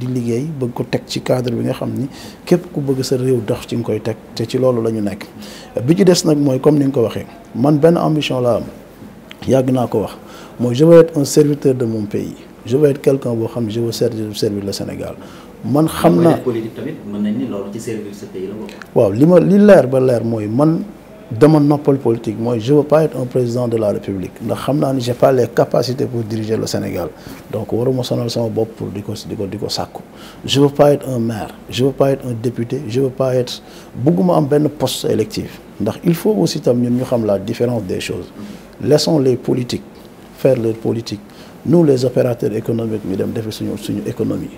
di liggéey bëgg ko teg ci cadre bi nga xam ni képp ku bëgg sa réew dox ci nga koy teg te ci loolu la ñu nekk bi ci des nag mooy comme ni nga ko waxee man benn ambition laa am yàgg naa ko wax mooy je veux être un serviteur de mon pays je veux être quelqu'un boo xam ne je veux servir servir le Sénégal man xam na politique tamit mën nañ ni loolu ci servir sa pays waaw li ma li leer ba leer mooy man ma pôle politique Moi, je veux pas être un président de la république Je n'ai pas les capacités pour diriger le Sénégal donc je ne veux pas être un maire je ne veux pas être un député je ne veux pas être un poste électif Donc, il faut aussi que la différence des choses laissons les politiques faire leur politique nous les opérateurs économiques nous dem notre économie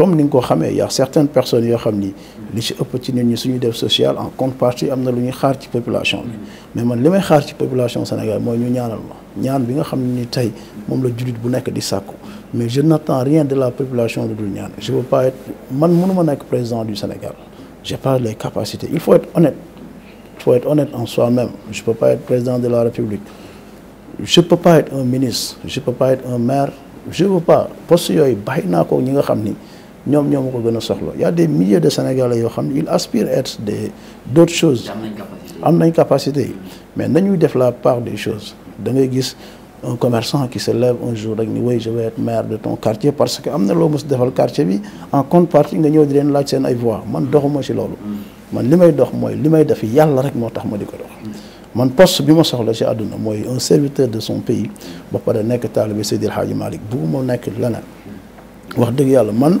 comme nous le ko il y' a certaines personnes qui ont dit li ci social en contrepartie partie la population mais man li xaar la population Sénégal c'est ñu ñaanal ma ñaan bi nga ni la mais je n'attends rien de la population du Sénégal. Je ne veux pas être man président du Sénégal je n'ai pas les capacités il faut être honnête il faut être honnête en soi-même je ne peux pas être président de la République je ne peux pas être un ministre je ne peux pas être un maire je ne veux pas je ko ñi nga ñom ñom ko gëna soxlo ya y a des milliers de Sénégalais yo xam ils aspirent à être des d'autres choses am nañ capacité mais nañu def la part des choses da ngay gis un commerçant qui se lève un jour rek ni way je vais être maire de ton quartier parce que amna lo loo defal quartier bi en contrepartie nga ñëw di len laaj seen ay voix man doxuma ci lolu mm. man limay dox moy limay def yalla rek moo tax ma di ko dox mm. man poste bima ma soxla ci aduna moy un serviteur de son pays ba pare nekk taalibe haji malik bu mo nek leneen wax deug yalla man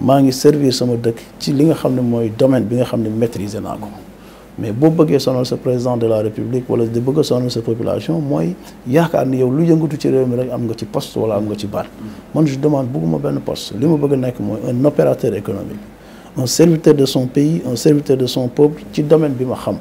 mangi servir sama dëkk ci li nga xam ne mooy domaine bi nga xam ne maîtriser naa ko mais boo bëggee sonal sa président de la république wala di bëgg a sonal sa population mooy yaakaar ni yow lu yëngatu ci réew mi rek am nga ci poste wala am nga ci baat man je demande bëgguma benn poste li ma bëgg nekk mooy un opérateur économique un serviteur de son pays un serviteur de son peuple ci domaine bi ma xam